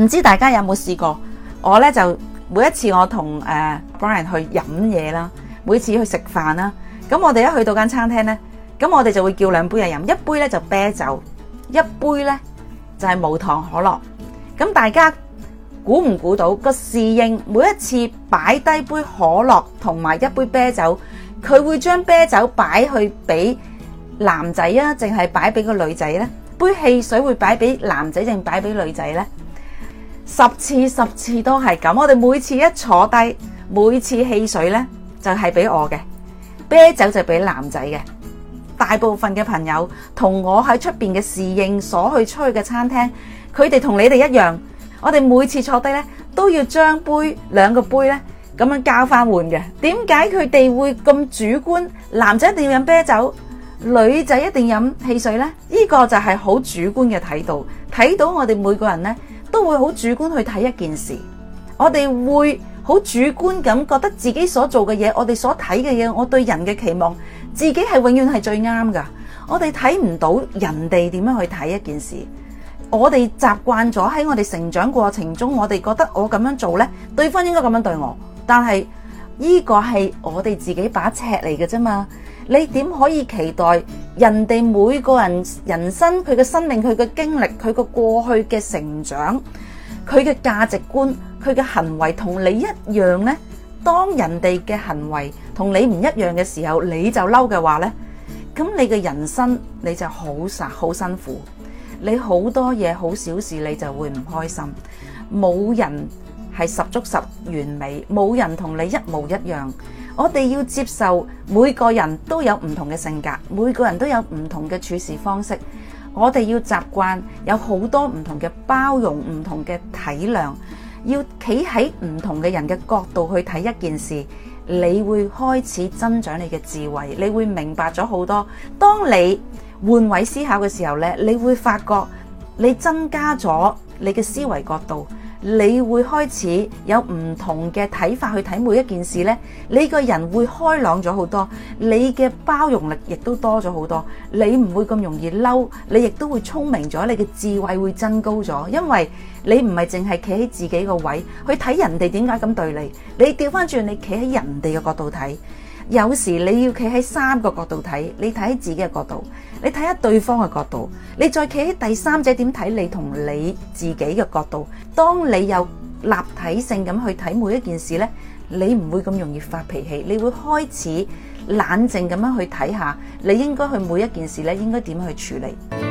唔知大家有冇試過？我咧就每一次我同誒 Brian 去飲嘢啦，每次去食飯啦，咁我哋一去到間餐廳呢，咁我哋就會叫兩杯嘢飲，一杯呢就啤酒，一杯呢就係無糖可樂。咁大家估唔估到個侍應，每一次擺低杯可樂同埋一杯啤酒，佢會將啤酒擺去俾男仔啊，定係擺俾個女仔呢？杯汽水會擺俾男仔定擺俾女仔呢？十次十次都係咁，我哋每次一坐低，每次汽水呢就係俾我嘅，啤酒就俾男仔嘅。大部分嘅朋友同我喺出面嘅侍應所去出去嘅餐廳，佢哋同你哋一樣，我哋每次坐低呢都要將杯兩個杯呢咁樣交翻換嘅。點解佢哋會咁主觀？男仔一定要飲啤酒，女仔一定要飲汽水呢？呢個就係好主觀嘅睇到，睇到我哋每個人呢。都會好主觀去睇一件事，我哋會好主觀咁覺得自己所做嘅嘢，我哋所睇嘅嘢，我對人嘅期望，自己係永遠係最啱噶。我哋睇唔到人哋點樣去睇一件事，我哋習慣咗喺我哋成長過程中，我哋覺得我咁樣做呢，對方應該咁樣對我。但係呢個係我哋自己把尺嚟嘅啫嘛，你點可以期待？人哋每個，人人生，佢嘅生命，佢嘅經歷，佢個過去嘅成長，佢嘅價值觀，佢嘅行為同你一樣咧，當人哋嘅行為同你唔一樣嘅時候，你就嬲嘅話咧，咁你嘅人生，你就好實好辛苦，你好多嘢，好小事你就會唔開心，冇人係十足十完美，冇人同你一模一樣。我哋要接受每個人都有唔同嘅性格，每個人都有唔同嘅處事方式。我哋要習慣有好多唔同嘅包容、唔同嘅體諒，要企喺唔同嘅人嘅角度去睇一件事，你會開始增長你嘅智慧，你會明白咗好多。當你換位思考嘅時候咧，你會發覺，你增加咗你嘅思維角度。你會開始有唔同嘅睇法去睇每一件事呢，你個人會開朗咗好多，你嘅包容力亦都多咗好多，你唔會咁容易嬲，你亦都會聰明咗，你嘅智慧會增高咗，因為你唔係淨係企喺自己個位去睇人哋點解咁對你，你調翻轉你企喺人哋嘅角度睇。有時你要企喺三個角度睇，你睇喺自己嘅角度，你睇喺對方嘅角度，你再企喺第三者點睇你同你自己嘅角度。當你有立體性咁去睇每一件事呢，你唔會咁容易發脾氣，你會開始冷靜咁樣去睇下，你應該去每一件事呢應該點去處理。